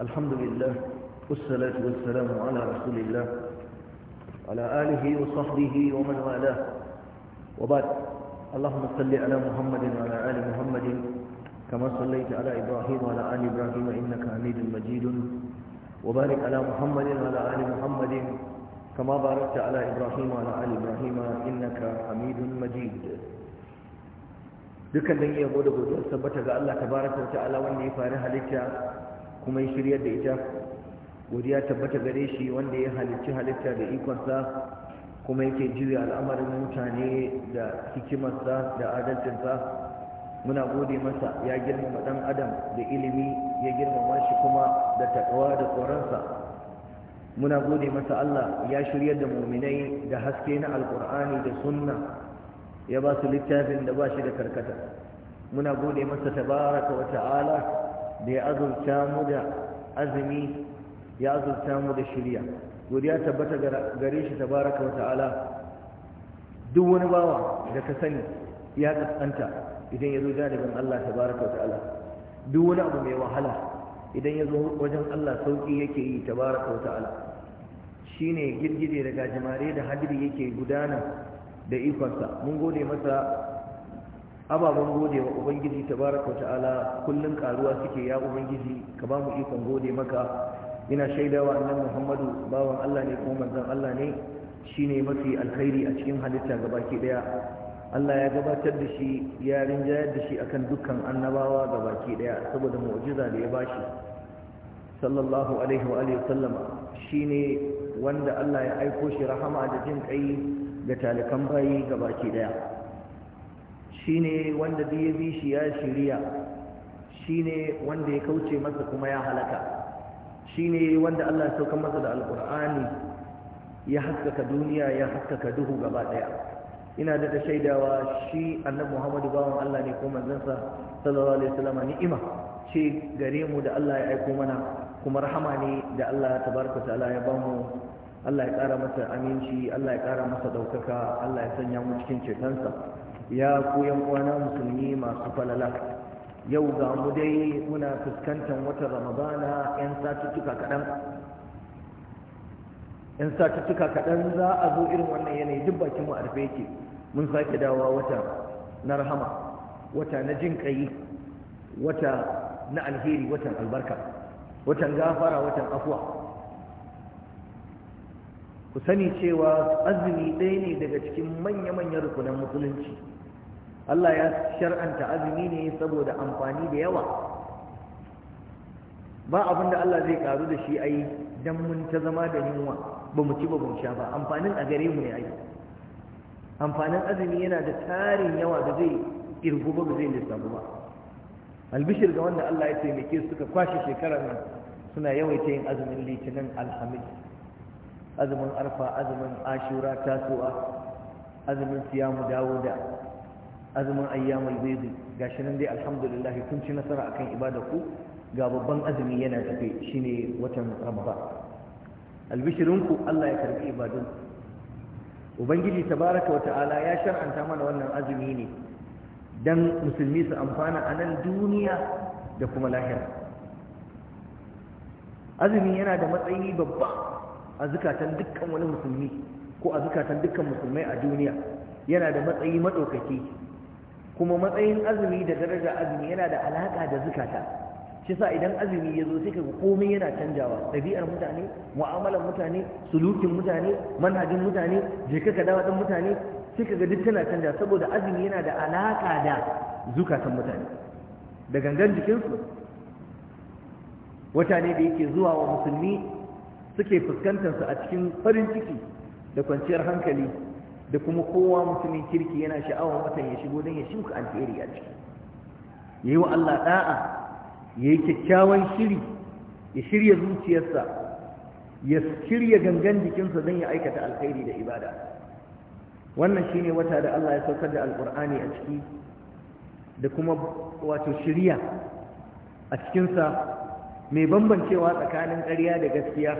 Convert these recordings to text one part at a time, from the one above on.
الحمد لله والصلاة والسلام على رسول الله على آله وصحبه ومن والاه وبعد اللهم صل على محمد وعلى آل محمد كما صليت على إبراهيم وعلى آل إبراهيم إنك حميد مجيد وبارك على محمد وعلى آل محمد كما باركت على إبراهيم وعلى آل إبراهيم إنك حميد مجيد dukkan dan iya gode godiya tabbata ga Allah tabaraka wa ta'ala wanda ya fara halitta kuma ya shiryar da ita godiya tabbata gare shi wanda ya halicci halitta da ikonsa kuma yake jiri al'amarin mutane da hikimarsa da adalcinsa muna gode masa ya girmama dan adam da ilimi ya girmama shi kuma da takawa da tsoronsa muna gode masa Allah ya shiryar da muminai da haske na alkur'ani da sunna ya ba su littafin da ba shi da karkata muna gode masa tabaraka wa ta'ala da ya azurta mu da azumi ya azurta mu da shirya godiya tabbata gare shi tabaraka wa ta'ala duk wani bawa da ka sani ya kaskanta idan ya zo janibin Allah tabaraka wa ta'ala duk wani abu mai wahala idan ya zo wajen Allah sauki yake yi tabaraka wa ta'ala shine girgide da gajimare da hadiri yake gudana da ikonsa mun gode masa ababen gode wa ubangiji tabaraka wa ta'ala kullun karuwa suke ya ubangiji ka ba mu ikon gode maka ina shaidawa annan muhammadu bawan allah ne kuma manzon allah ne shine mafi alkhairi a cikin halitta baki daya allah ya gabatar da shi ya rinjayar da shi akan dukkan annabawa baki daya saboda mu'jiza da ya bashi sallallahu alaihi wa alihi sallama shine wanda allah ya aiko shi rahama da jin kai ga talikan bayi gabaki daya shine wanda da ya bi shi ya shirya shine wanda ya kauce masa kuma ya halaka shine wanda Allah ya sauka masa da alkur'ani ya haskaka duniya ya haskaka duhu gaba daya ina da shaidawa shi annabi Muhammadu bawan Allah ne ko manzansa sallallahu alaihi wasallam ni'ima ce gare mu da Allah ya aiko mana kuma rahama ne da Allah tabaraka ta'ala ya bamu Allah ya kara masa aminci Allah ya kara masa daukaka Allah ya sanya mu cikin cetonsa ya ku yan musulmi masu falala yau ga mu dai muna fuskantar watan ramadana yan satuttuka kaɗan yan satuttuka kaɗan za a zo irin wannan yanayi duk bakin mu a rufe yake mun sake dawowa wata na rahama wata na jin ƙayi wata na alheri watan albarka watan gafara watan afuwa ku sani cewa azumi ɗaya ne daga cikin manya-manyan rukunan musulunci Allah ya shar'anta azumi ne saboda amfani da yawa ba abin da Allah zai karu da shi ai dan mun ta zama da yunwa ba mu ci ba mu sha ba amfanin a gare mu ne ai amfanin azumi yana da tarin yawa da zai irgu ba zai lissafu ba albishir ga wanda Allah ya taimake suka kwashe shekarar nan suna yawaita yin azumin litinin alhamis azumin arfa azumin ashura tasu'a azumin siyamu dawo da azumin ayyamul bayd gashi nan dai alhamdulillah kun ci nasara akan ibada ku ga babban azumi yana tafe ne watan ramadan albishirinku Allah ya karbi ibadun ubangiji tabaraka wa ta'ala ya shar'anta mana wannan azumi ne dan musulmi su amfana a nan duniya da kuma lahira azumi yana da matsayi babba a zukatan dukkan wani musulmi ko a zukatan dukkan musulmai a duniya yana da matsayi maɗaukaki kuma matsayin azumi da daraja azumi yana da alaƙa da zukata shi sa idan azumi ya zo sai ka komai yana canjawa ɗabi'ar mutane mu'amalar mutane sulukin mutane manhajin mutane je ka dawo ɗan mutane sai ka ga duk tana canja saboda azumi yana da alaƙa da zukatan mutane da gangan jikinsu wata ne da yake zuwa wa musulmi suke fuskantarsa a cikin farin ciki da kwanciyar hankali da kuma kowa mutumin kirki yana sha'awar watan ya shigo don ya shuka alheri a ciki ya yi wa Allah ɗa'a ya yi kyakkyawan shiri ya shirya zuciyarsa ya shirya gangan jikinsa don ya aikata alkhairi da ibada wannan shine wata da Allah ya saukar da alkur'ani a ciki da kuma wato shirya a cikinsa mai bambancewa tsakanin ƙarya da gaskiya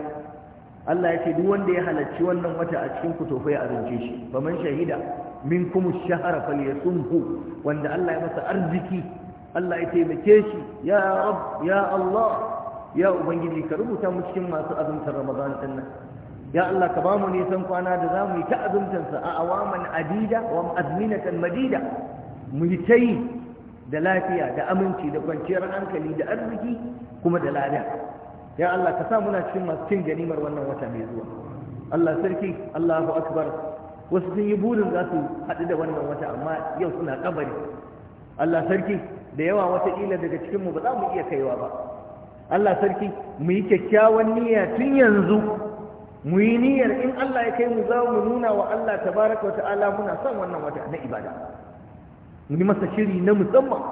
Allah ya ce duk wanda ya halarci wannan wata a cikin kutofa ya azance shi faman shahida min kuma shahara falyasumhu wanda Allah ya masa arziki Allah ya taimake shi ya rab ya Allah ya ubangiji ka rubuta mu cikin masu azumtar ramadan din nan ya Allah ka bamu nisan kwana da za mu yi ta azumtansa a awaman adida wa azminatan madida mu yi ta yi da lafiya da aminci da kwanciyar hankali da arziki kuma da lada ya Allah ka sa muna cikin masu cin ganimar wannan wata mai zuwa Allah sarki Allahu akbar wasu sun yi burin za su haɗu da wannan wata amma yau suna kabari Allah sarki da yawa ila daga cikinmu ba za mu iya kaiwa ba Allah sarki mu yi kyakkyawan niyya tun yanzu mu yi niyyar in Allah ya kai mu za mu nuna wa Allah tabaraka wata'ala muna son wannan wata na ibada mu yi masa shiri na musamman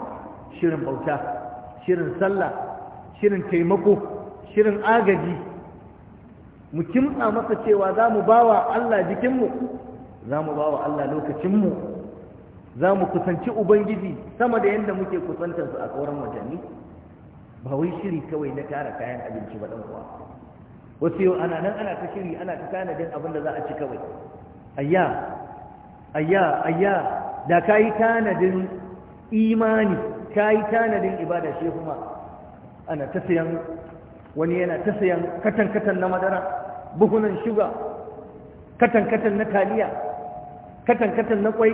shirin bauta shirin sallah shirin taimako shirin agaji mu kimsa masa cewa za mu ba wa Allah jikinmu za mu ba wa Allah lokacinmu za mu kusanci ubangiji sama da yadda muke kusantarsu a kauran watanni ba wai shiri kawai na tara kayan abinci ba kuwa wasu yau ana nan ana ta shiri ana ta tanadin abin da za a ci kawai ayya ayya ayya da ka yi tanadin imani ka yi tanadin ibada shi kuma ana ta sayan wani yana ta sayan katan-katan na madara buhunan shuga katan-katan na taliya katan-katan na kwai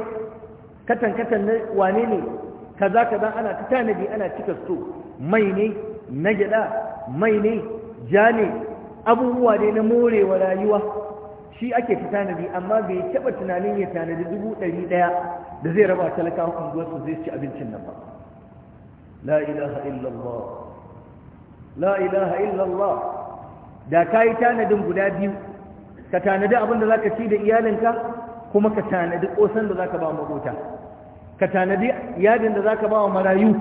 katan-katan na wane ne kaza kaza ana ta tanadi ana cika so. mai ne na gyaɗa mai ne ja ne abubuwa ne na morewa rayuwa shi ake ta tanadi amma bai taɓa tunanin ya tanadi dubu ɗari ɗaya da zai raba talakawan unguwarsu zai ci abincin nan ba la ilaha illallah la ilaha illallah da ka tanadin guda biyu ka tanadi abin da zaka ci da iyalinka kuma ka tanadi ƙosan da zaka ba maƙota ka tanadi yadin da zaka ba wa marayu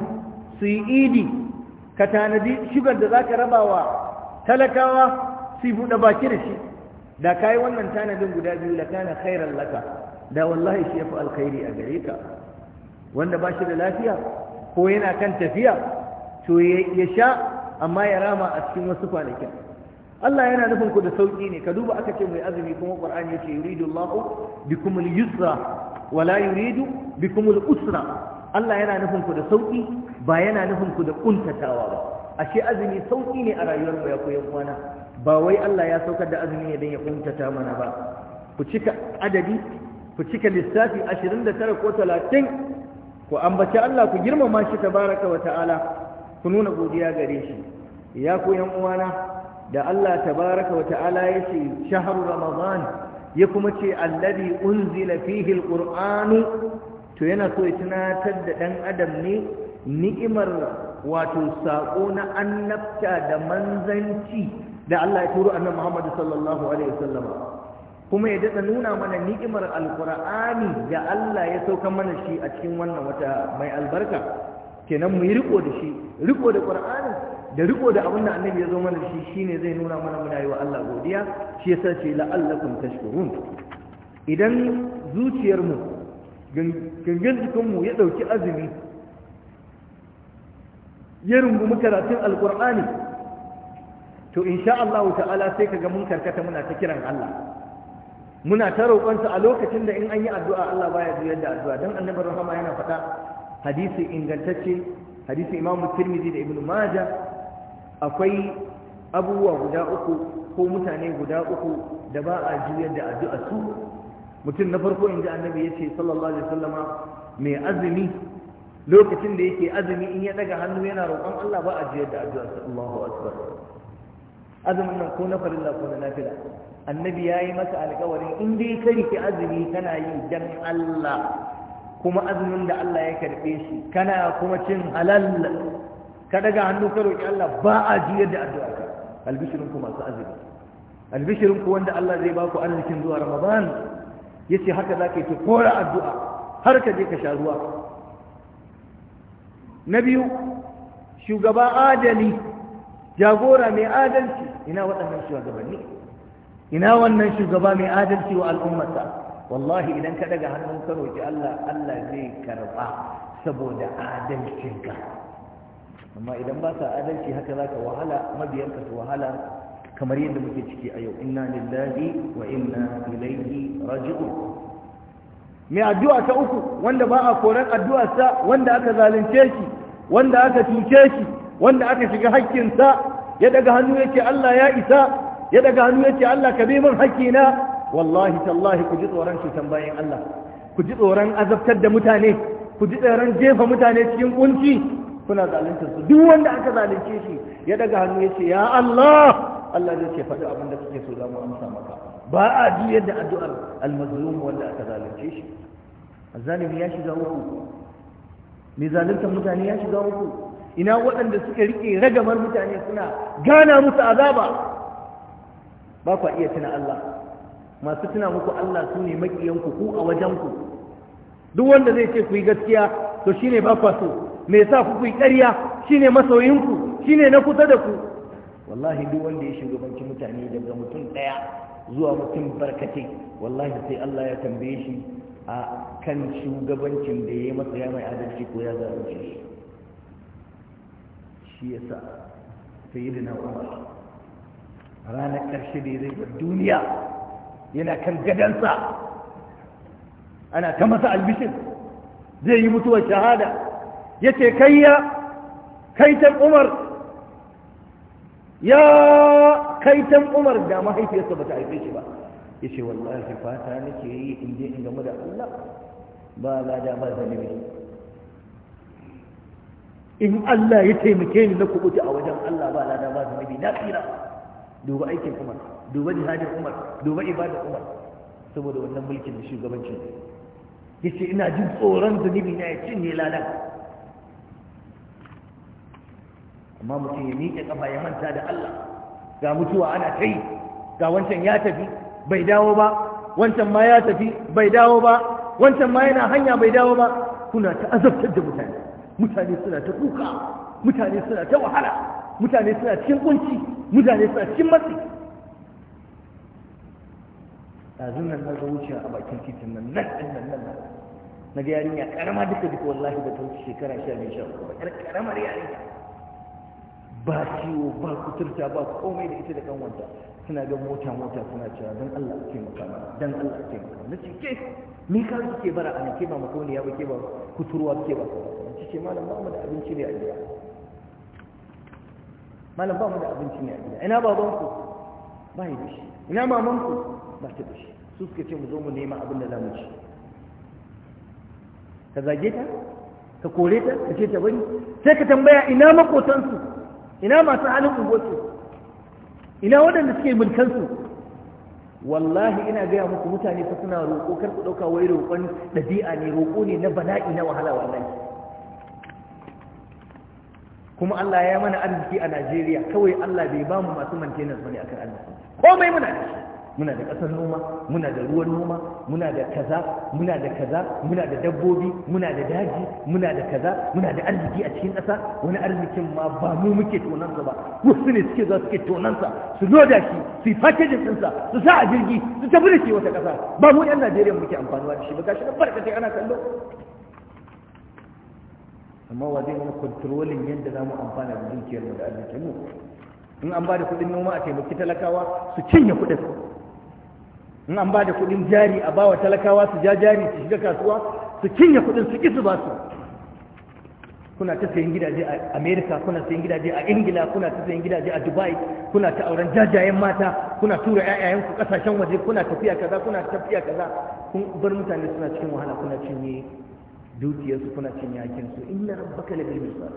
su yi idi ka tanadi shugar da zaka rabawa talakawa su buɗe baki da shi da ka wannan tanadin guda biyu la kana khairan laka da wallahi shi ya fi alkhairi a gare ka wanda ba shi da lafiya ko yana kan tafiya to ya sha amma ya rama a cikin wasu kwanakin Allah yana nufin ku da sauki ne ka duba aka ce mai azumi kuma Qur'ani yace yuridu Allahu bikum al-yusra wa la yuridu bikum al-usra Allah yana nufin ku da sauki ba yana nufin ku da kuntatawa ba ashe azumi sauki ne a rayuwar mu ya koyan kwana ba wai Allah ya saukar da azumi ne dan ya kuntata mana ba ku cika adadi ku cika lissafi 29 ko 30 ku ambaci Allah ku girmama shi tabaraka wa ta'ala ku nuna godiya gare shi ya ku yan uwana da Allah tabaraka wa ta'ala yace shahru ramadan ya kuma ce alladhi unzila fihi alqur'anu to yana so ya tunatar da dan adam ne ni'imar wato sako na annabta da manzanci da Allah ya turo annabi Muhammad sallallahu alaihi wasallam kuma ya datsa nuna mana ni'imar alqur'ani da Allah ya sauka mana shi a cikin wannan wata mai albarka kenan mu yi riko da shi riko da qur'anin da riko da abin da annabi ya zo mana shi shine zai nuna mana muna yi wa Allah godiya shi yasa ce la'allakum tashkurun idan zuciyar mu gangan jikin mu ya dauki azumi ya rungumi karatun alqur'ani to insha Allah ta'ala sai kaga mun karkata muna ta kiran Allah muna ta roƙonsa a lokacin da in an yi addu'a Allah baya juyar da addu'a don annabi rahama yana faɗa hadisi ingantacce hadisi imamu tirmidhi da ibnu majah akwai abubuwa guda uku ko mutane guda uku da ba a juyar da addu'a su mutum na farko inji annabi yace sallallahu alaihi wasallama mai azumi lokacin da yake azumi in ya daga hannu yana roƙon Allah ba a juyar da addu'a sa Allahu akbar azumin nan ko na farilla ko na nafila annabi yayi masa alƙawarin in dai kai ki azumi kana yi dan Allah kuma azumin da Allah ya karɓe shi kana kuma cin halal ka daga hannu ka roƙi Allah ba a jiyar da addu'a ka albishirin ku masu azumi albishirin ku wanda Allah zai baku ku arzikin zuwa Ramadan yace haka zaka ka yi ta kora addu'a har ka je ka sha ruwa na biyu shugaba adali jagora mai adalci ina waɗannan shugabanni ina wannan shugaba mai adalci wa al'ummarsa wallahi idan ka daga hannun ka roki Allah Allah zai karba saboda ka. amma idan ba sa adalci haka za ka wahala mabiyanka su wahala kamar yadda muke ciki a yau inna lillahi wa inna ilaihi raji'un mai addu'a ta uku wanda ba a koran addu'arsa wanda aka zalunce shi wanda aka cuce shi wanda aka shiga haƙƙinsa ya daga hannu yake Allah ya isa ya daga hannu yake Allah ka bi min haƙƙina wallahi tallahi ku ji tsoron shi bayan Allah ku ji tsoron azabtar da mutane ku ji tsoron jefa mutane cikin kunci kuna zaluntar su duk wanda aka zalunce shi ya daga hannu ya ce ya Allah Allah zai ce faɗi abin da kake so za mu amsa maka ba a ji yadda addu'ar almazlum wanda aka zalunce shi zalimi ya shiga uku mai zaluntar mutane ya shiga uku ina waɗanda suka rike ragamar mutane suna gana musu azaba ba kwa iya tuna Allah masu tuna muku Allah su ne makiyanku ku a wajenku duk wanda zai ce ku yi gaskiya to shine ba kwa so me yasa ku yi ƙarya shine masoyinku shine na kusa da ku wallahi duk wanda ya shugabanci mutane daga mutum ɗaya zuwa mutum barkatai wallahi sai Allah ya tambaye shi a kan shugabancin da ya masa ya mai adalci ko ya zalunce shi shi yasa sayyidina Umar ranar ƙarshe da zai duniya yana kan gadansa ana ta masa albishin zai yi mutuwar shahada ya ce kayya kaitan umar ya kaitan umar da mahaifiyarsa ba ta haife shi ba ya ce wallahi fata nake yi in je in gamu da Allah ba lada ba zan zalibi in Allah ya taimake ni na kubuta a wajen Allah ba lada ba zalibi na tsira duba aikin umar duba jihadin umar duba ibadar umar saboda wannan mulkin da shugabanci ya ce ina jin tsoron zunubi na ya cinye lalan amma mutum ya miƙe ƙafa ya manta da Allah ga mutuwa ana ta yi ga wancan ya tafi bai dawo ba wancan ma ya tafi bai dawo ba wancan ma yana hanya bai dawo ba kuna ta azabtar da mutane mutane suna ta kuka mutane suna ta wahala mutane suna cikin kunci mutane suna cikin matsi ɗazun nan na ga wuce a bakin titin nan nan nan nan nan na ga yarinya karama duka duka wallahi da ta wuce shekara sha biyu sha uku ba karamar yarinya ba ciwo ba kuturta ba komai da ita da kanwanta suna ga mota mota suna cewa don Allah a taimaka mana don Allah a taimaka na ce ke ni ka ke bara ana ke ba makoniya ba ke ba kuturwa ke ba ci ce malam ba mu da abinci ne a gida malam ba mu da abinci ne a gida ina babanku ba yi da shi ina mamanku ba ta da shi su suka ce mu zo mu nema abin da za mu ci ka zage ta ka kore ta ka ce ta bari sai ka tambaya ina makotansu ina masu halin ungosu ina waɗanda suke mulkansu wallahi ina gaya muku mutane fa suna roƙo kar ku ɗauka wai roƙon ɗabi'a ne roƙo ne na bala'i na wahala wallahi kuma Allah ya mana arziki a Najeriya kawai Allah bai ba mu masu maintenance bane akan arziki komai muna da shi muna da ƙasar noma muna da ruwan noma muna da kaza muna da kaza muna da dabbobi muna da daji muna da kaza muna da arziki a cikin ƙasa wani arzikin ma ba mu muke tonansa ba wasu ne suke za su ke tonansa su loda shi su yi fakejin ɗinsa su sa a jirgi su tafi da shi wata ƙasa ba mu 'yan Najeriya muke amfanuwa da shi ba gashi na barkatai ana kallo amma wa zai mana kontrolin yadda za mu amfana da dukiyar mu da arzikin mu in an ba da kuɗin noma a taimaki talakawa su cinye kuɗin in an ba da kuɗin jari a bawa talakawa su ja jari su shiga kasuwa su cinye kuɗin su ƙi su ba su kuna ta sayan gidaje a america kuna sayan gidaje a ingila kuna ta sayan gidaje a dubai kuna ta auren jajayen mata kuna tura ku kasashen waje kuna tafiya kaza kuna tafiya kaza kun bar mutane suna cikin wahala kuna cinye dukiyarsu kuna cin yakin su inna rabbaka la bil mirsad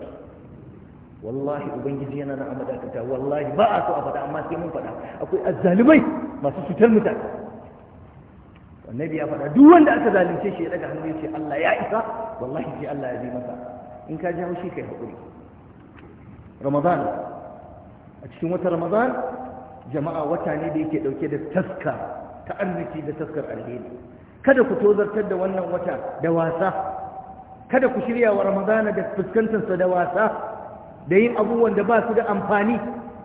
wallahi ubangiji yana nan amada ta wallahi ba a so a faɗa amma sai mun faɗa akwai azzalumai masu cutar mutane annabi ya faɗa duk wanda aka zalunce shi ya daga hannu ya ce Allah ya isa wallahi sai Allah ya bi masa in ka ji haushi kai hakuri. ramadan a cikin wata ramadan jama'a wata ne da yake ɗauke da taska ta arziki da taskar alheri kada ku tozartar da wannan wata da wasa kada ku shirya wa ramadana da fuskantarsa da wasa da yin abubuwan da ba su da amfani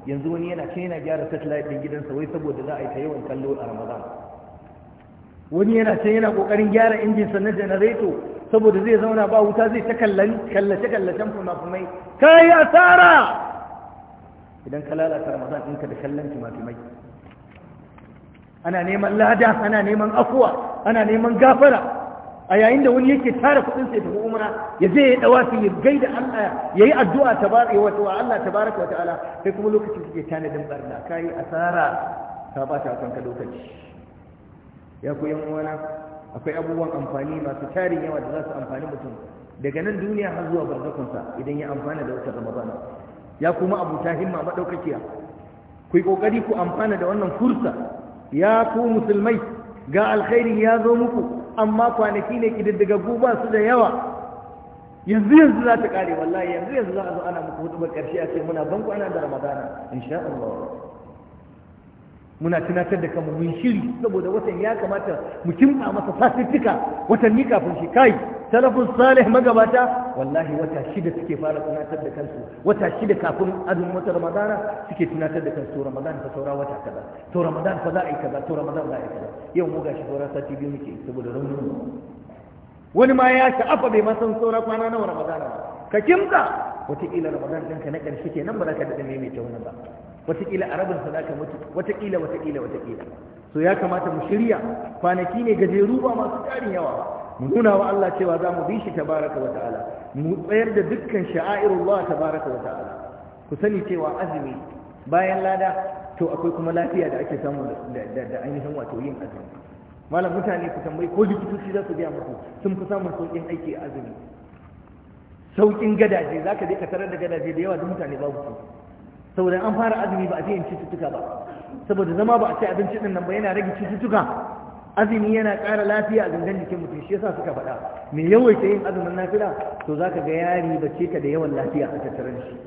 yanzu wani yana can yana gyara satellite ɗin gidansa wai saboda za a yi ta yawan kallo a ramadan wani yana can yana ƙoƙarin gyara injinsa na janareto saboda zai zauna ba wuta zai ta kallace-kallacen fumafumai ka yi asara idan ka lalata ramadan ɗinka da kallon fumafumai ana neman lada ana neman afuwa ana neman gafara a yayin da wani yake tara kudin sai tafi umra ya zai ya dawa su ya gaida Allah ya yi addu'a tabaraka wa ta'ala Allah tabaraka wa ta'ala sai kuma lokacin kike tanadin barna kai asara ka ba ta kanka lokaci ya ku yan uwana akwai abubuwan amfani masu tarin yawa da za su amfani mutum daga nan duniya har zuwa barzakunsa idan ya amfana da wata ramadana ya kuma abu ta himma madaukakiya ku yi kokari ku amfana da wannan fursa ya ku musulmai ga alkhairi ya zo muku amma kwanaki ne kididdigaggu ba su da yawa yanzu yanzu za ta kare wallahi yanzu yanzu za a zo ana muku hudu ba karshe a ce muna ban kwana da ramadana insha Allah muna tunatar da kanmu mun shiri saboda watan ya kamata mu kimta masa satuttuka watanni kafin shi kai salafus salih magabata wallahi wata shida suke fara tunatar da kansu wata shida kafin azumin wata ramadana suke tunatar da kansu ramadan fa saura wata kaza to ramadan fa za a yi kaza to ramadan za a yi kaza yau mu gashi saura sati biyu muke saboda raunin mu wani ma ya sha'afa bai ma san saura kwana nawa ramadana ba ka kimta wataƙila ramadan ɗinka na ƙarshe kenan ba za ka daɗa maimaita wani ba watakila a rabin sa zaka mutu watakila watakila watakila so ya kamata mu shirya kwanaki ne gajeru ba masu tarin yawa mu nuna wa Allah cewa za mu bi shi tabaraka wa ta'ala mu tsayar da dukkan sha'airullah tabaraka wa ta'ala ku sani cewa azumi bayan lada to akwai kuma lafiya da ake samu da ainihin wato yin azumi malam mutane ku tambayi ko likitoci za su biya muku sun fi samun sauƙin aiki a azumi sauƙin gadaje za ka je ka tarar da gadaje da yawa da mutane babu su saboda an fara azumi ba a ce yin cututtuka ba saboda zama ba a ci abinci din nan ba yana rage cututtuka azumi yana ƙara lafiya a gangan jikin mutum shi yasa suka faɗa me yawaita yin azumin nafila to ka ga yari ce ka da yawan lafiya a tattaren shi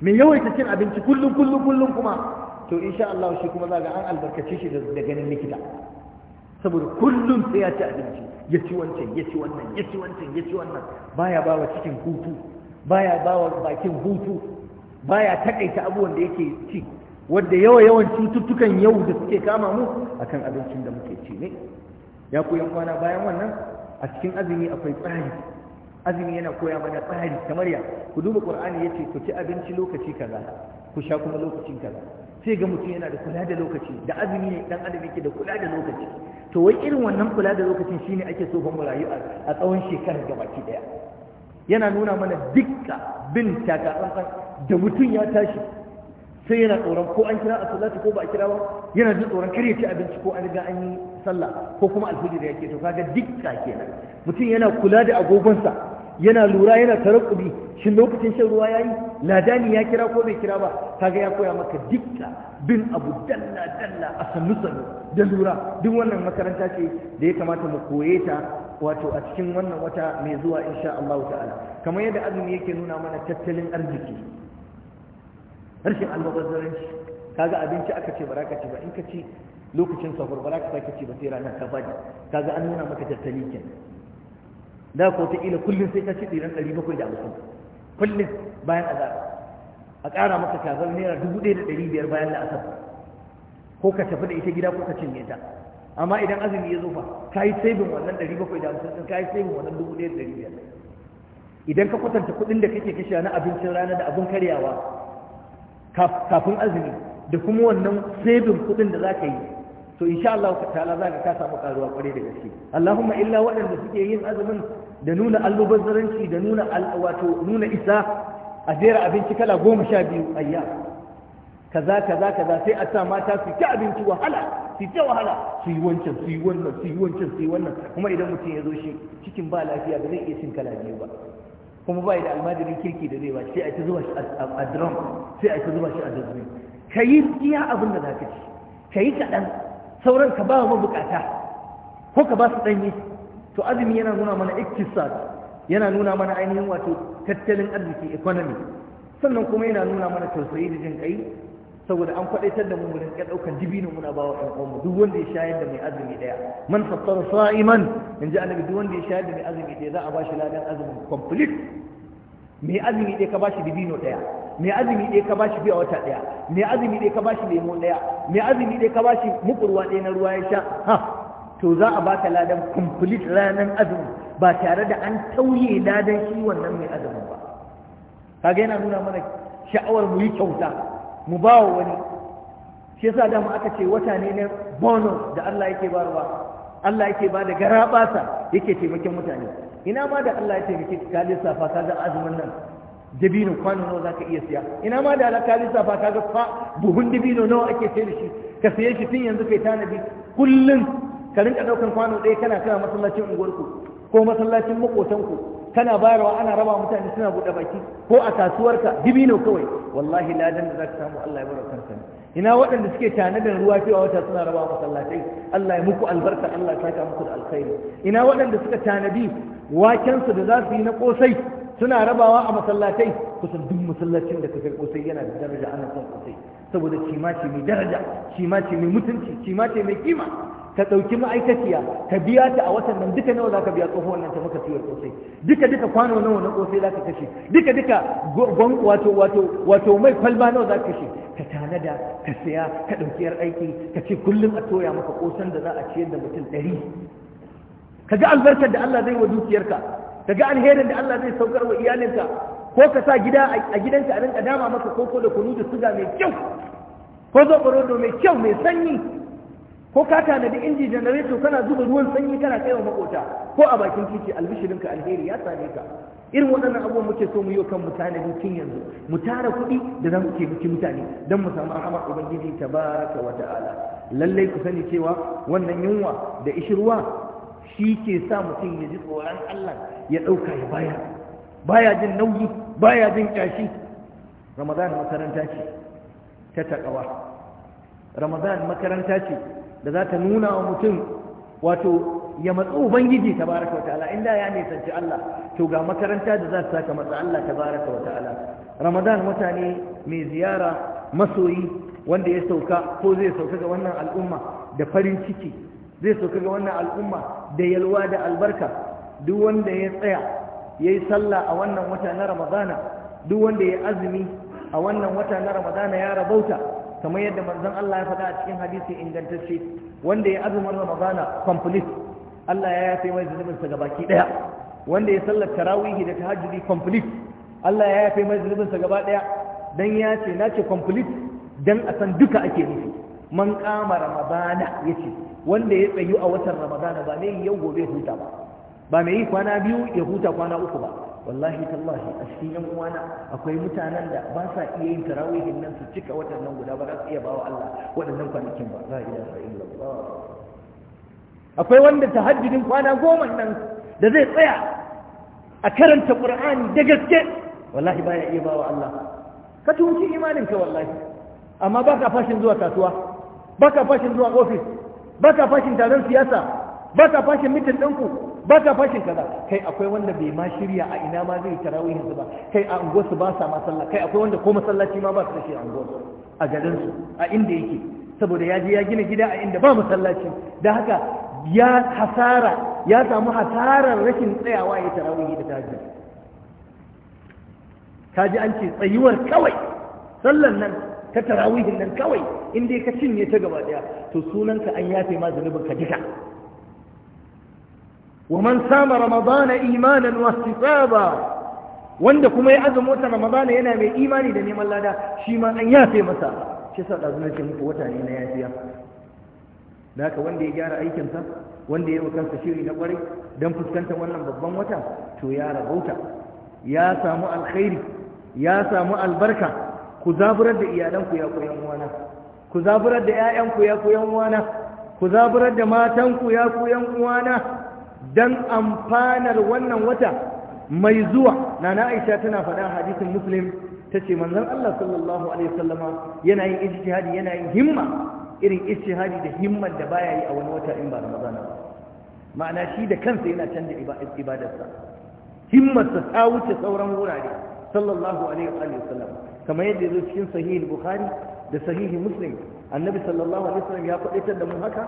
me yawaita cin abinci kullum kullum kullum kuma to insha Allah shi kuma ga an albarkace shi da ganin likita saboda kullum sai ya ci abinci ya ci wancan ya ci wannan ya ci wancan ya ci wannan baya bawa cikin hutu baya bawa bakin hutu baya taƙaita abubuwan da yake ci wadda yawa yawan cututtukan yau da suke kama mu akan abincin da muke ci ne ya koya kwana bayan wannan a cikin azumi akwai tsari azumi yana koya mana tsari kamar ya ku duba qur'ani yace ku ci abinci lokaci kaza ku sha kuma lokacin kaza sai ga mutum yana da kula da lokaci da azumi ne dan adam yake da kula da lokaci to wai irin wannan kula da lokacin shine ake so fa mu rayu a tsawon shekarar gabaki daya yana nuna mana dukka bin taka da mutum ya tashi sai yana tsoron ko an kira a salatu ko ba a kira ba yana jin tsoron kar ya abinci ko an riga an yi sallah ko kuma alfijir ya ke to kaga dukka kenan mutum yana kula da agogonsa yana lura yana tarakkubi shin lokacin shan ruwa yayi ladani ya kira ko bai kira ba kaga ya koya maka dukka bin abu dalla dalla a sannu sannu da lura duk wannan makaranta ce da ya kamata mu koye ta wato a cikin wannan wata mai zuwa insha Allah ta'ala kamar yadda azumi yake nuna mana tattalin arziki harshen Ka kaga abinci aka ce baraka ce ba in ka ci lokacin safar baraka ka ce ba sai ranar ka fadi kaga an nuna maka tattali ken da ko ta ila kullum sai ka ci ɗiran ɗari bakwai da hamsin kullum bayan azar a ƙara maka kazar naira dubu ɗaya da ɗari biyar bayan la'asar ko ka tafi da ita gida ko ka cinye ta amma idan azumi ya zo fa ka yi saibin wannan ɗari bakwai da hamsin ka yi saibin wannan dubu ɗaya da ɗari biyar idan ka kwatanta kuɗin da kake kashe na abincin rana da abin karyawa kafin azumi da kuma wannan sabin kudin da za ka yi to insha Allah ta'ala za ka samu karuwa kwarai da gaske Allahumma illa waɗanda suke yin azumin da nuna allubazzaranci da nuna wato nuna isa a jera abinci kala goma sha biyu ayya kaza kaza kaza sai a sa mata su ta abinci wahala su wahala su yi wancan su yi wannan su yi wancan su yi wannan kuma idan mutum ya zo shi cikin ba lafiya ba zai iya cin kala biyu ba kuma bai da almajirin kirki da zai ba sai a ta zuba shi a drum sai a ta zuba shi a dazumi ka yi iya abin da za ka ci ka yi kaɗan sauran ka ba wa mabukata ko ka ba su ɗanyi to azumi yana nuna mana iktisad yana nuna mana ainihin wato tattalin arziki economy sannan kuma yana nuna mana tausayi da jin ƙai. saboda an kwadaitar da mu mu rinka daukan dibinin muna bawa ɗan uwanmu duk wanda ya shayar da mai azumi daya man fassara sa'iman in ji annabi duk wanda ya shayar da mai azumi ɗaya za a ba shi ladan azumin complete mai azumi ɗaya ka ba shi dibino ɗaya. mai azumi ɗaya ka ba bashi biya wata ɗaya. mai azumi ɗaya ka ba shi lemo ɗaya. mai azumi ɗaya ka ba bashi mukurwa ɗaya na ruwa ya sha ha to za a baka ladan complete ranan azumi ba tare da an tauye ladan shi wannan mai azumin ba kaga yana nuna mana sha'awar mu yi kyauta mu ba wa wani shi yasa da mu aka ce wata ne na bonus da Allah yake barwa Allah yake ba da garabasa yake taimakin mutane ina ma da Allah ya taimake ka fa ka ga azumin nan dabino kwano nawa zaka iya siya ina ma da Allah ka lissafa ka ga buhun dibino nawa ake sayar da shi ka saye shi tun yanzu kai tanadi kullun ka rinka daukan kwano ɗaya kana kana masallacin unguwarku ko masallacin makotanku kana bayarwa ana raba mutane suna buɗe baki ko a kasuwarka dibino kawai wallahi ladan da za ka samu Allah ya bar kanka ina waɗanda suke da ruwa cewa wata suna raba masallatai Allah ya muku albarka Allah ya saka muku da alkhairi ina waɗanda suka tanadi wakensu da za su yi na kosai suna rabawa a masallatai kusan duk masallacin da kai kosai yana da daraja ana son kosai saboda cima ce mai daraja cima ce mai mutunci cima ce mai kima ka ɗauki ma'aikaciya ka biya ta a watan nan duka nawa za ka biya tsohon nan ta maka siyar kosai duka duka kwano nawa na kosai za ka kashe duka duka gwan wato wato wato mai kwalba nawa za ka kashe ka tanada ka siya, ka ɗauki yar aiki ka ce kullum a toya maka kosan da za a ciyar da mutum ɗari ka ga albarkar da Allah zai wa dukiyarka ka ga alherin da Allah zai saukar wa iyalinka ko ka sa gida a gidanka a rinka dama maka koko da kunu da suga mai kyau ko zoɓo mai kyau mai sanyi ko ka tanadi inji janareto kana zuba ruwan sanyi kana kai wa makota ko a bakin titi albishirinka alheri ya same ka irin waɗannan abubuwan muke so mu yi kan mutane tun yanzu mu tara kuɗi da za mu ke biki mutane don mu samu rahama ubangiji ta baka wa ta'ala lallai ku sani cewa wannan yunwa da ishirwa shi ke sa mutum ya ji tsoron Allah ya ɗauka ya baya baya jin nauyi baya jin ƙyashi ramadan makaranta ce ta taƙawa ramadan makaranta ce da za ta nuna wa mutum wato ya matsu ubangiji tabaraka wa ta'ala inda ya nisanci Allah to ga makaranta da za ta saka matsa Allah tabaraka wa ta'ala ramadan wata ne mai ziyara masoyi wanda ya sauka ko zai sauka ga wannan al'umma da farin ciki zai sauka ga wannan al'umma da yalwa da albarka duk wanda ya tsaya ya yi sallah a wannan wata na ramadana duk wanda ya azumi a wannan wata na ramadana ya rabauta kamar yadda manzon Allah ya faɗa a cikin hadisi ingantacce wanda ya azumin ramadana complete Allah ya yafe mai zunubinsa gabaki daya wanda ya sallar tarawihi da tahajjudi complete Allah ya yafe mai sa gaba daya dan ya ce na ce complete dan a san duka ake nufi man kama ramadana yace wanda ya tsayu a watan ramadana ba ne yau gobe huta ba ba mai yi kwana biyu ya huta kwana uku ba wallahi tallahi a cikin yan uwana akwai mutanen da ba sa iya yin tarawihin nan su cika watan nan guda ba za su iya bawa Allah waɗannan kwanakin ba za a iya sa illallah akwai wanda ta tahajjudin kwana goma nan da zai tsaya a karanta ƙur'ani da gaske wallahi baya iya bawa Allah ka tunci imanin ka wallahi amma baka fashin zuwa kasuwa baka fashin zuwa ofis baka fashin taron siyasa ba ta fashin mitin ɗinku ba ta fashin kaza kai akwai wanda bai ma shirya a ina ma zai tarawihin su ba kai a unguwarsu ba sa masalla. kai akwai wanda ko masallaci ma ba su kashe a unguwarsu a garinsu a inda yake saboda ya je ya gina gida a inda ba masallaci da haka ya hasara ya samu hasarar rashin tsayawa ya tarawihi da taji ka ji an ce tsayuwar kawai sallan nan ta tarawihin nan kawai in dai ka cinye ta gaba daya to sunanka an yafe ma zanubin ka duka wa man sama ramadana imanan wasitaba wanda kuma ya azumi wata ramadana yana mai imani da neman lada shi ma an yafe masa shi sa da zunar muku wata ne na yafiya da haka wanda ya gyara aikinsa wanda ya yi kansa shiri na kwarai don fuskantar wannan babban wata to ya rabauta ya samu alkhairi ya samu albarka ku zaburar da iyalanku ya koyan wana ku zaburar da 'ya'yanku ya koyan wana ku zaburar da matanku ya koyan wana don amfanar wannan wata mai zuwa na na aisha tana faɗa hadisin muslim ta ce manzon Allah sallallahu alaihi wasallama yana yin ijtihadi yana yin himma irin ijtihadi da himmar da baya yi a wani wata in ba Ramadan ba ma'ana shi da kansa yana canza ibadarsa himmarsa ta wuce sauran wurare sallallahu alaihi wasallam kamar yadda ya zo cikin sahih bukhari da sahih muslim annabi sallallahu alaihi wasallam ya faɗaitar da mu haka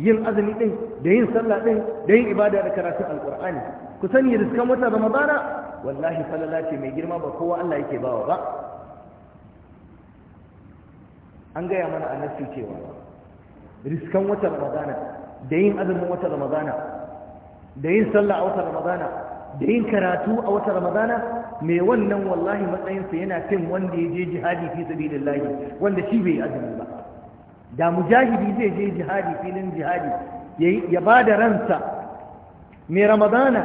yin azumi ɗin, da yin sallah ɗin, da yin ibada da karatun alqur'ani ku sani riskan wata ramadana wallahi falala ce mai girma ba kowa Allah yake bawa ba an gaya mana a nasu cewa riskan watan ramadana da yin azumin wata ramadana da yin sallah a wata ramadana da yin karatu a wata ramadana mai wannan wallahi matsayinsa yana fin wanda ya je jihadi fi sabilillah wanda shi bai azumi ba da mujahidi zai je jihadi filin jihadi ya ba da ransa mai ramadana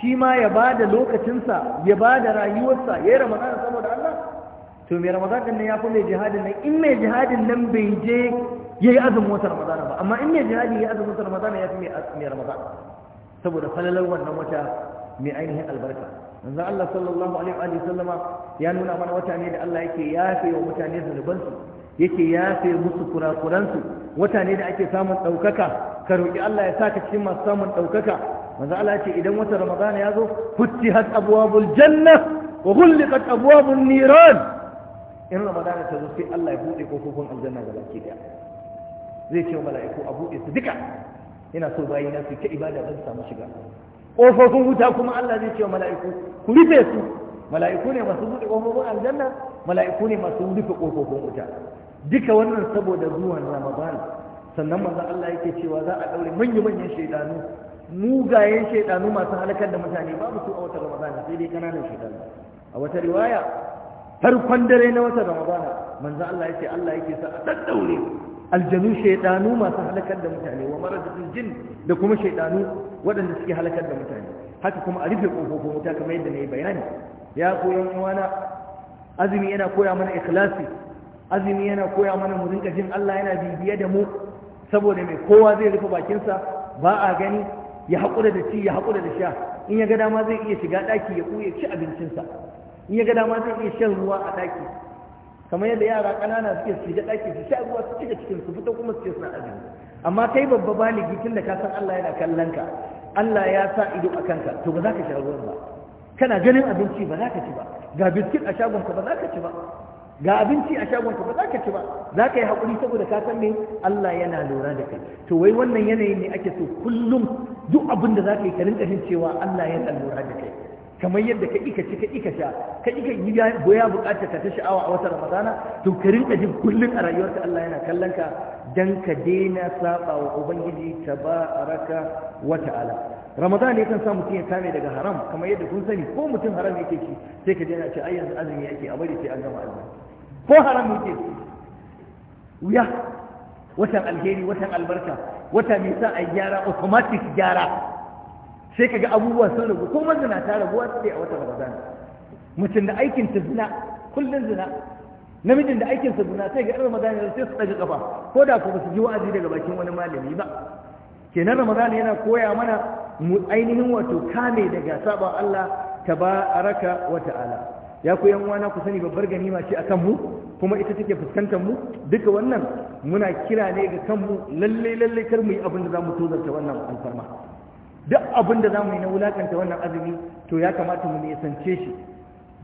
shi ma ya ba da lokacinsa ya ba da rayuwarsa ya yi ramadana saboda Allah to mai ramadana ya fi mai jihadin nan in mai jihadin nan bai je ya yi azumin wata ramadana ba amma in mai jihadi ya yi azumin wata ramadana ya fi mai ramadana saboda falalar wannan wata mai ainihin albarka yanzu Allah sallallahu alaihi wa sallama ya nuna mana wata ne da Allah yake yafe wa mutane zunubansu yake yafe musu kurakuransu wata ne da ake samun ɗaukaka ka roƙi Allah ya sa ka cikin masu samun ɗaukaka manzo Allah ce idan wata ramadana ya zo futtihat abwabul janna wa ghulqat abwabun niran in ramadana ta zo sai Allah ya bude kofofin aljanna ga baki daya zai ce mala'iku a bude su duka ina so bayi na su ta ibada zan samu shiga kofofin wuta kuma Allah zai ce wa mala'iku ku rufe su mala'iku ne masu bude kofofin aljanna mala'iku ne masu rufe kofofin wuta duka wannan saboda zuwan ramadan sannan manzo Allah yake cewa za a daure manya-manyan shaidanu mugayen shaidanu masu halakar da mutane babu su a watan ramadan sai dai kananan shaidanu a wata riwaya farkon dare na watan ramadan manzo Allah yake Allah yake sa a daddaure aljanu shaidanu masu halakar da mutane wa maradatul jin da kuma shaidanu waɗanda suke halakar da mutane haka kuma a rufe kofofin wuta kamar yadda na yi bayani ya koyan uwana azumi yana koya mana ikhlasi azumi yana koya mana mu rinka jin Allah yana bibiye da mu saboda mai kowa zai rufe bakinsa ba a gani ya haƙura da ci ya haƙura da sha in ya ga dama zai iya shiga ɗaki ya ɓuya ci abincinsa in ya ga dama zai iya shan ruwa a ɗaki kamar yadda yara ƙanana suke shiga ɗaki su sha ruwa su cika cikin su fito kuma su ce suna azumi amma kai babba baligi tun da ka san Allah yana kallon ka Allah ya sa ido a kanka to ba za ka sha ruwan ba kana ganin abinci ba za ka ci ba ga biskit a shagonka ba za ka ci ba ga abinci a shagon ba za ka ci ba za ka yi haƙuri saboda ka san me Allah yana lura da kai to wai wannan yanayin ne ake so kullum duk abin da za ka yi ka rinka jin cewa Allah yana lura da kai kamar yadda ka ika ci ka ika sha ka ika yi goya bukatar ka ta sha'awa a wata ramadana to ka rinka jin kullum a rayuwarka Allah yana kallon ka dan ka daina saba wa ubangiji tabaraka wa ta'ala ramadan yakan sa mutum ya kame daga haram kamar yadda kun sani ko mutum haram yake shi, sai ka daina ce ai yanzu azumi yake a bari sai an gama azumi ko haram yake wuya watan alheri watan albarka wata mai sa a gyara automatic gyara sai ka ga abubuwa sun ragu ko mazina ta raguwa sai a watan ramadan mutum da aikin ta zina kullum zina namijin da aikin aikinsa zina sai ga ɗan ramadan yanzu sai su ɗaga kafa ko da ku ba su ji wa'azi daga bakin wani malami ba kenan ramadan yana koya mana mu ainihin wato kame daga saba Allah raka wa ta'ala ya ku yan uwana ku sani babbar ganima ce akan mu kuma ita take fuskantar mu duka wannan muna kira ne ga kanmu lalle lalle kar mu yi abin da zamu tozarta wannan alfarma duk abin da zamu yi na wulakanta wannan azumi to ya kamata mu nisance shi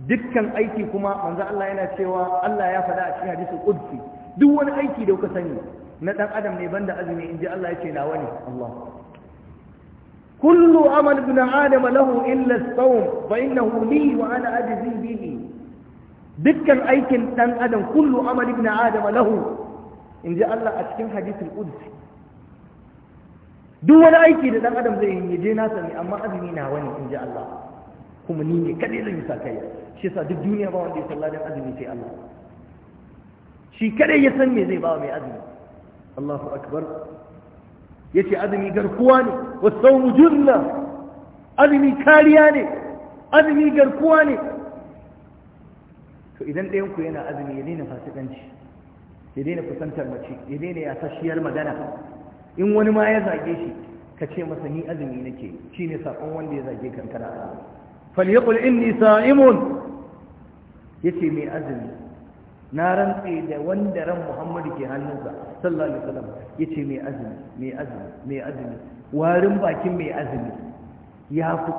dukkan aiki kuma manzo Allah yana cewa Allah ya faɗa a cikin hadisi qudsi duk wani aiki da kuka sani na dan adam ne banda azumi inji Allah ya ce nawa ne Allah كل عمل ابن آدم له إلا الصوم فإنه لي وأنا أجزي به دكا أيكن تن آدم كل عمل ابن آدم له إن جاء الله أتكن حديث القدس duk wani aiki da dan adam zai yi je na sani amma azumi na wani in Allah kuma ni ne kadai zan yi sakayya shi yasa duk duniya ba wanda ya salla dan azumi sai Allah shi kadai ya san me zai bawa mai azumi Allahu akbar yace azumi garkuwa ne wasawmu junna azumi kariya ne azumi garkuwa ne to idan ɗayan ku yana azumi ya daina fasikanci ya daina kusantar mace ya daina yasasshiyar magana in wani ma ya zage shi ka ce masa ni azumi nake shine sakon wanda ya zage kankara. a falyaqul inni sa'imun yace mai azumi na rantse da wanda ran Muhammadu ke hannunsa sallallahu alaihi wasallam yace mai azumi mai azumi mai azumi warin bakin mai azumi ya fi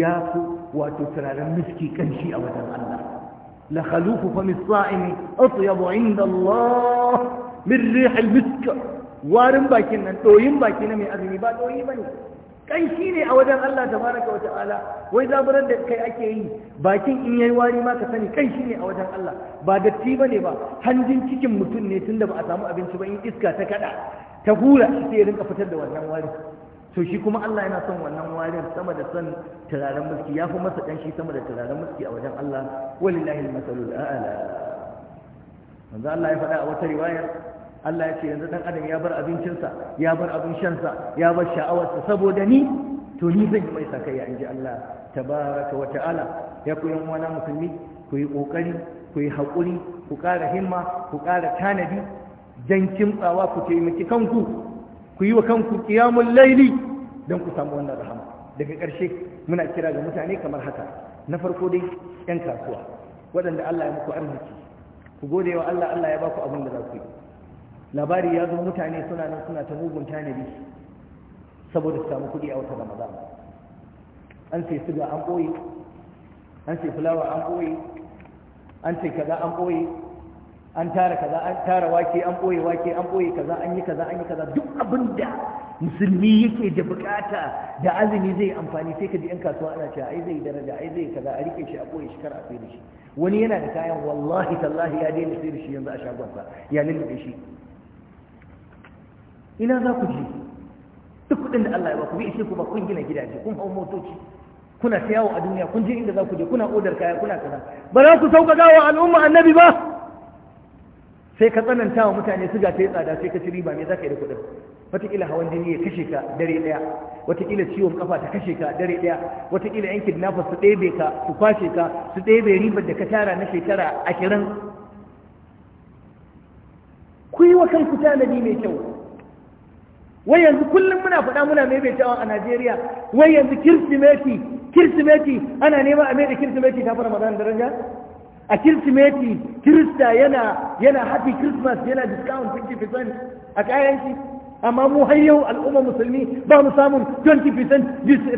ya fi wato turaren miski kanshi a wajen Allah la khalufu fa misa'imi atyabu inda Allah min rih al-misk warin bakin nan doyin baki na mai azumi ba doyi bane kanshi ne a wajen Allah ta wata ala. wai zaburar da kai ake yi bakin in yayi wari ma ka sani kanshi ne a wajen Allah ba datti bane ba hanjin cikin mutum ne tunda ba a samu abinci ba in iska ta kada ta hura shi sai rinka fitar da wannan wari to shi kuma Allah yana son wannan warin sama da son turaren mulki ya fi masa kanshi sama da turaren mulki a wajen Allah walillahi almasalul a'la manzo Allah ya faɗa a wata riwayar Allah ya ce yanzu ɗan adam ya bar abincinsa ya bar abin shansa ya bar sha'awarsa saboda ni to ni zan yi mai sakayya in ji Allah tabaraka wa ta'ala ya ku yan uwana musulmi ku yi kokari ku yi haƙuri ku ƙara himma ku ƙara tanadi dan kimtsawa ku taimaki kanku ku yi wa kanku kiyamun laili don ku samu wannan rahama daga ƙarshe muna kira ga mutane kamar haka na farko dai yan kasuwa waɗanda Allah ya muku arziki ku gode wa Allah Allah ya ba ku abin da za ku yi labari ya zo mutane suna nan suna ta mugun tanadi saboda su samu kuɗi a wata ramadan an sai suga an ɓoye an sai fulawa an ɓoye an sai kaza an ɓoye an tara kaza an tara wake an ɓoye wake an ɓoye kaza an yi kaza an yi kaza duk abin da musulmi yake da bukata da azumi zai amfani sai ka ji 'yan kasuwa ana cewa ai zai daraja ai zai kaza a rike shi a ɓoye shi kar a sai da shi wani yana da kayan wallahi tallahi ya daina sai shi yanzu a shagon sa, ya lullube shi ina za ku je duk kuɗin da Allah ya ba ku bi ishe ku ba kun gina gidaje kun hau motoci kuna ta a duniya kun je inda za ku je kuna odar kaya kuna kaza ba za ku sauƙaƙa wa al'umma annabi ba sai ka tsananta wa mutane suga ta yi tsada sai ka ci riba me za ka yi da kuɗin wataƙila hawan jini ya kashe ka dare ɗaya wataƙila ciwon kafa ta kashe ka dare ɗaya wataƙila yan kidnappers su ɗebe ka su kwashe ka su ɗebe ribar da ka tara na shekara ashirin ku yi wa kanku tanadi mai kyau wai yanzu kullum muna faɗa muna maimaitawa a Najeriya wai yanzu kirsimeti kirsimeti ana nema a maida kirsimeti ta fara magana daraja a kirsimeti kirista yana yana happy christmas yana discount 50% a kayan shi amma mu har yau al'umma musulmi ba mu samun 20%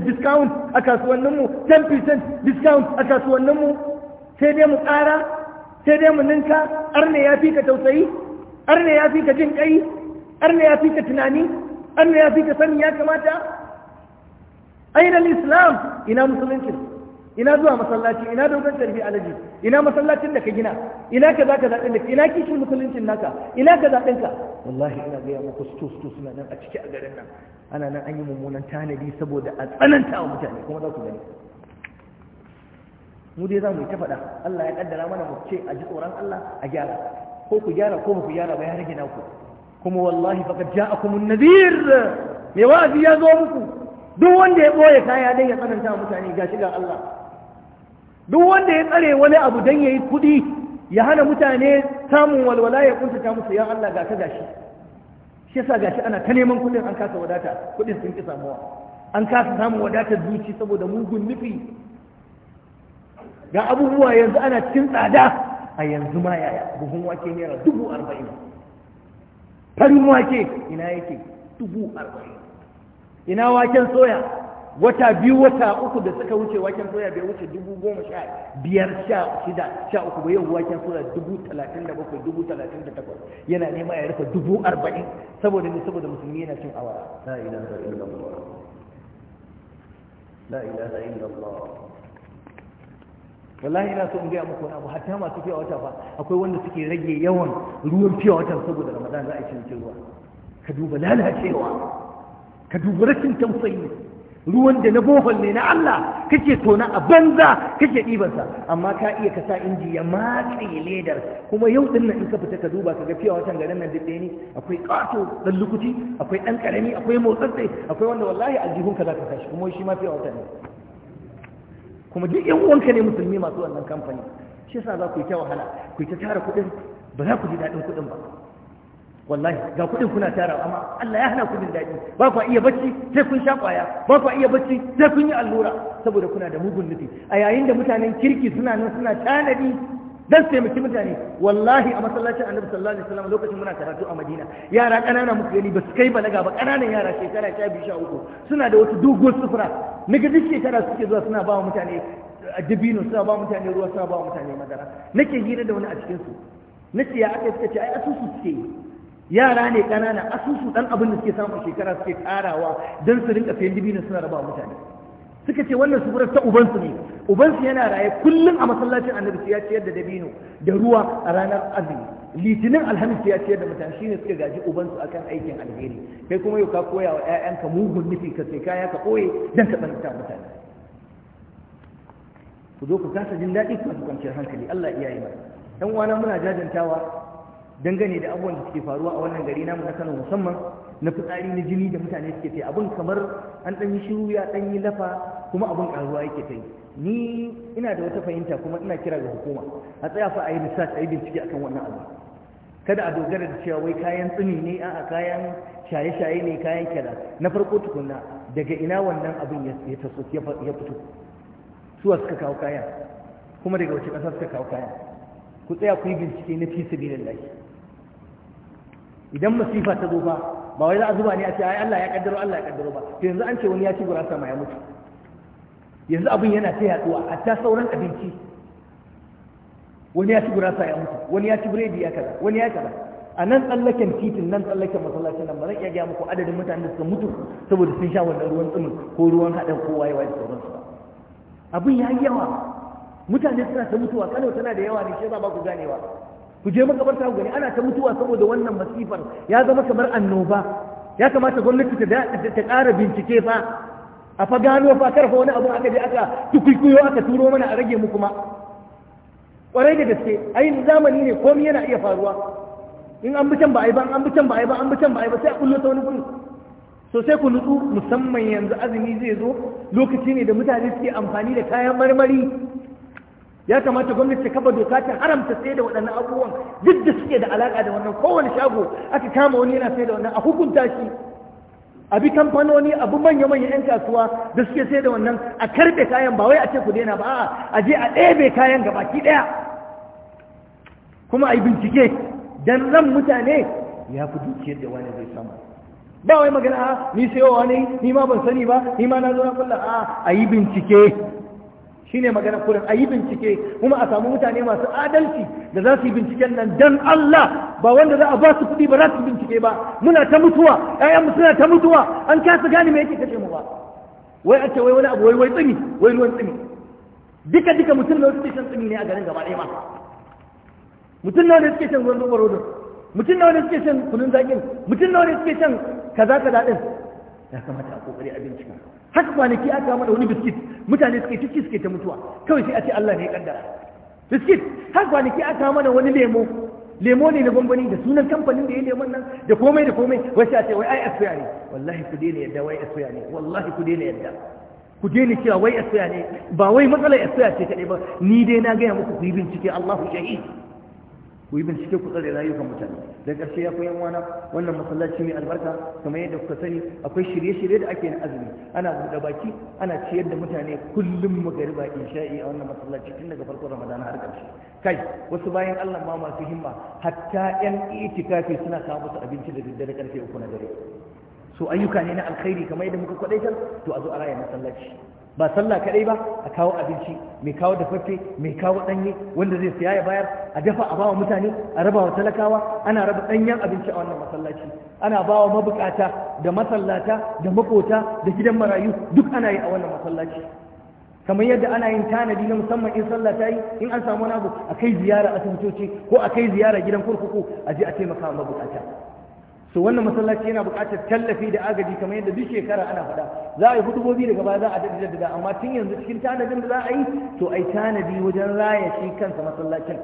discount a kasuwanninmu 10% discount a kasuwanninmu sai dai mu ƙara sai dai mu ninka arne ya fi ka tausayi arne ya fi ka jin ƙai? arne ya fi ka tunani Allah ya fi ka sani ya kamata aina islam ina musulunci ina zuwa masallaci ina dogon tarbi alaji ina masallacin da ka gina ina ka za ka zaɓin da ina kishin musuluncin naka ina ka zaɓin ka wallahi ina gaya muku sto sto suna nan a ciki a garin nan ana nan an yi mummunan tanadi saboda a tsananta wa mutane kuma za ku gani mu dai za mu yi ta faɗa Allah ya kaddara mana mu ce a ji tsoron Allah a gyara ko ku gyara ko ba ku gyara ba ya rage ku. kuma wallahi faqad ja'akum an-nadhir me wazi ya zo muku duk wanda ya boye kaya dan ya tsananta mutane gashi ga Allah duk wanda ya tsare wani abu dan yayi kudi ya hana mutane samun walwala ya kuntata musu ya Allah ga ka gashi shi yasa gashi ana ta neman kudin an kasa wadata kudin sun ki samuwa an kasa samun wadatar zuci saboda mugun nufi ga abubuwa yanzu ana cikin tsada a yanzu ma yaya buhun wake naira dubu arba'in farin wake ina yake dubu arba'in ina waken soya wata biyu wata uku da suka wuce waken soya bai wuce dubu goma sha biyar sha shida sha uku ba yau waken soya dubu talatin da bakwai dubu talatin da takwas yana nema ya rufe dubu arba'in saboda ne saboda musulmi yana cin awara la ilaha illallah la ilaha illallah wallahi ina so in gaya muku wani abu hatta masu fiya wata fa akwai wanda suke rage yawan ruwan fiya watan saboda ramadan za a ci cikin ruwa ka duba lalacewa ka duba rashin tausayi ruwan da na bohol ne na Allah kake tona a banza kake ɗibansa amma ka iya ka sa inji ya matse ledar kuma yau din nan in ka fita ka duba ka ga fiya watan garin nan duk ne akwai ƙato ɗan lukuti akwai ɗan ƙarami akwai motsatsai akwai wanda wallahi aljihun ka za ka tashi kuma shi ma fiya watan ne kuma duk yan uwanka ne musulmi masu wannan kamfani shi yasa za ku yi ta wahala ku yi ta tara kuɗin ba za ku ji daɗin kuɗin ba wallahi ga kuɗin kuna tara amma Allah ya hana ku jin daɗi ba ku iya bacci sai kun sha ƙwaya ba ku iya bacci sai kun yi allura saboda kuna da mugun nufi a yayin da mutanen kirki suna nan suna tanadi dan taimaki mutane wallahi a masallacin annabi sallallahu alaihi wasallam lokacin muna karatu a madina yara ƙanana muka gani ba su kai balaga ba ƙananan yara shekara sha biyu sha uku suna da wata doguwar sufura na ga duk shekara suke zuwa suna ba mutane dabino suna ba mutane ruwa suna ba mutane madara nake hira da wani a cikinsu. su nace ya aka suka ce ai asusu suke yara ne ƙanana asusu dan abin da suke samun shekara suke tarawa dan su rinka sayan dabino suna raba mutane suka ce wannan surar ta ubansu ne ubansu yana raye kullum a masallacin annabi ya ciyar da dabino da ruwa a ranar azumi litinin alhamis ya ciyar da mutane shine suka gaji ubansu akan aikin alheri kai kuma yau ka koya wa ƴaƴanka mugun nufi ka sai kaya ka koye dan ka tsanta mutane ku zo ku kasa jin daɗi ku kwanciyar hankali Allah iyaye mai ɗan uwana muna jajantawa dangane da abubuwan da suke faruwa a wannan gari namu na Kano musamman na fitsari na jini da mutane suke fi abin kamar an ɗan yi shiru ya ɗan yi lafa kuma abin ƙaruwa yake ta ni ina da wata fahimta kuma ina kira ga hukuma a tsaya fa a yi research a yi bincike akan wannan abu kada a dogara da cewa wai kayan tsini ne a kayan shaye-shaye ne kayan kyala na farko tukunna daga ina wannan abin ya taso ya fito suwa suka kawo kayan kuma daga wace ƙasa suka kawo kayan ku tsaya ku yi bincike na fi lafiya. idan masifa ta zo fa ba wai za a zuba ne a ce ai Allah ya kaddaro Allah ya kaddaro ba to yanzu an ce wani ya ci gurasa ma ya mutu yanzu abin yana ta yaduwa ta sauran abinci wani ya ci gurasa ya mutu wani ya ci biredi ya kaza wani ya kaza a nan tsallaken titin nan tsallaken masallacin nan ba zan iya gaya muku adadin mutanen da suka mutu saboda sun sha wannan ruwan tsumin ko ruwan haɗin kowa yawa da sauransu ba abin ya yi yawa mutane suna ta mutuwa kano tana da yawa ne shi ba ku ganewa ku je makabarta ku gani ana ta mutuwa saboda wannan masifar ya zama kamar annoba ya kamata gwamnati ta ƙara bincike fa a fa gano fa karfa wani abu aka je aka tukuikuyo aka turo mana a rage mu kuma kwarai da gaske ai zamani ne komai yana iya faruwa in an bi can ba ai ba an bi can ba ai ba an bi can ba ai ba sai a kullo ta wani gudu so sai ku nutsu musamman yanzu azumi zai zo lokaci ne da mutane suke amfani da kayan marmari ya kamata gwamnati ta kafa doka ta haramta sai da waɗannan abubuwan duk da suke da alaƙa da wannan kowane shago aka kama wani yana sai da wannan a hukunta shi a bi kamfanoni a bi manya-manyan 'yan kasuwa da suke sai da wannan a karɓe kayan ba wai a ce ku daina ba a'a a je a ɗebe kayan ga baki ɗaya kuma a yi bincike dan ran mutane ya fi dukiyar da wani zai sama. ba wai magana a ni sayowa ne ni ma ban sani ba ni ma na zo na kulla a a yi bincike Shi ne magana kurin a yi bincike kuma a samu mutane masu adalci da za su yi binciken nan don Allah ba wanda za a ba su kuɗi ba za su bincike ba muna ta mutuwa ƴaƴanmu suna ta mutuwa an kasa gane me yake kashe mu ba wai a ce wai wani abu wai wai tsini wai ruwan tsini duka duka mutum na da suke shan tsini ne a garin gaba ɗaya ma mutum na wani suke shan ruwan zubar rodon mutum na wani suke shan kunun zaƙin mutum na wani suke shan kaza kaza din ya kamata a kokari a bincika haka kwanaki aka da wani biskit mutane suke ciki suke ta mutuwa kawai sai a ce Allah ne ya kaddara biskit haka kwanaki aka da wani lemo lemo ne na gwangwani da sunan kamfanin da ya lemon nan da komai da komai wai sai a ce wai ai asoya ne wallahi ku daina yadda wai asoya ne wallahi ku daina yadda ku daina cewa wai asoya ne ba wai matsalar asoya ce kaɗai ba ni dai na gaya muku ku yi bincike Allahu shahid ku yi bincike ku tsare rayukan mutane da ƙarshe ya koyan wana wannan masallaci mai albarka kamar yadda kuka sani akwai shirye-shirye da ake na azumi ana buɗe baki ana ciyar da mutane kullum magariba insha'i a wannan masallaci tun daga farkon ramadana har ƙarshe kai wasu bayan allah ma masu himma hatta yan itikafi suna kawo musu abinci da daddare karfe uku na dare so ayyuka ne na alkhairi kamar yadda muka kwaɗaitar to a zo a raya masallaci ba sallah kaɗai ba a kawo abinci mai kawo dafaffe mai kawo ɗanye wanda zai siya ya bayar a dafa a bawa mutane a raba wa talakawa ana raba ɗanyen abinci a wannan masallaci ana bawa mabukata da masallata da makota da gidan marayu duk ana yi a wannan masallaci kamar yadda ana yin tanadi na musamman in sallah ta yi in an samu wani abu a kai ziyara asibitoci ko a kai ziyara gidan kurkuku a je a taimaka mabukata to wannan masallaci yana buƙatar tallafi da agaji kamar yadda duk shekara ana faɗa za a yi hudubobi daga baya za a daɗi da amma tun yanzu cikin tanadin da za a yi to ai tanadi wajen raya shi kansa masallacin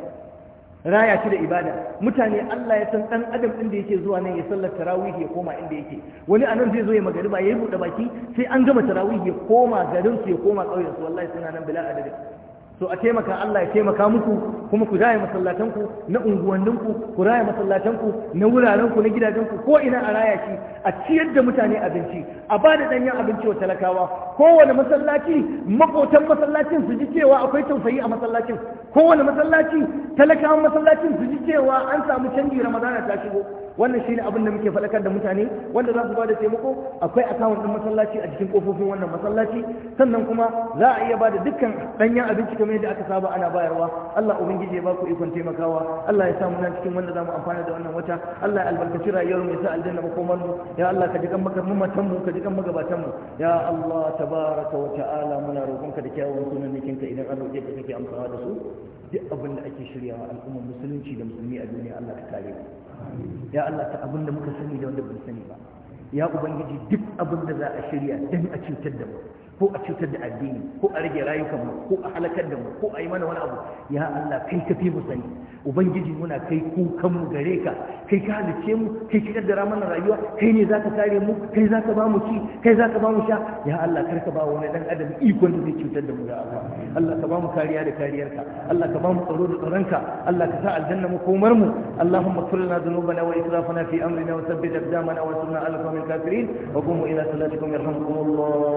raya shi da ibada mutane Allah ya san ɗan adam inda da yake zuwa nan ya sallar tarawih ya koma inda yake wani anan zai zo ya magariba ya yi buɗe baki sai an gama tarawih ya koma garin su ya koma ƙauyen su wallahi suna nan bila adadin so a taimaka Allah ya taimaka muku kuma ku raya masallatanku na unguwanninku ku raya masallatanku na wurarenku na gidajenku ko ina a raya shi a ciyar da mutane abinci a ba da danyen abinci wa talakawa kowane masallaci makotan masallacin su ji cewa akwai tausayi a masallacin kowane masallaci talakawan masallacin su ji cewa an samu canji ramadana ta shigo wannan shine abin da muke faɗakar da mutane wanda za su ba da taimako akwai akawun din masallaci a cikin ƙofofin wannan masallaci sannan kuma za a iya ba da dukkan ɗanyen abinci kamar yadda aka saba ana bayarwa Allah ubangiji ya baku ikon taimakawa Allah ya sa nan cikin wanda zamu amfana da wannan wata Allah ya albarkaci rayuwar mu sa aljanna makoman mu ya Allah ka ji kan maka mamatan mu ka ji kan magabatan mu ya Allah tabaraka wa ta'ala muna roƙon ka da kyawun sunan nikin ka idan an roƙe ka kake amfana da su duk abin da ake shiryawa al'ummar musulunci da musulmi a duniya Allah ka kare mu ya Allah ta abin da muka sani da wanda ban sani ba ya ubangiji duk abin da za a shirya don a cutar da mu ko a cutar da addini ko a rage rayukan mu ko a halakar da mu ko a yi mana wani abu ya Allah kai ka fi mu sani ubangiji muna kai kukan mu gare ka kai ka halice mu kai ka kaddara mana rayuwa kai ne zaka kare mu kai zaka ba mu ci kai zaka ba mu sha ya Allah kar ka ba wani dan adam ikon da zai cutar da mu ya Allah Allah ka ba mu kariya da kariyarka Allah ka ba mu tsaro da tsaronka Allah ka sa aljanna mu komar mu Allahumma kullu lana dhunubana wa israfana fi amrina wa thabbit aqdamana wa sunna alqawmi الكافرين وقوموا إلى صلاتكم يرحمكم الله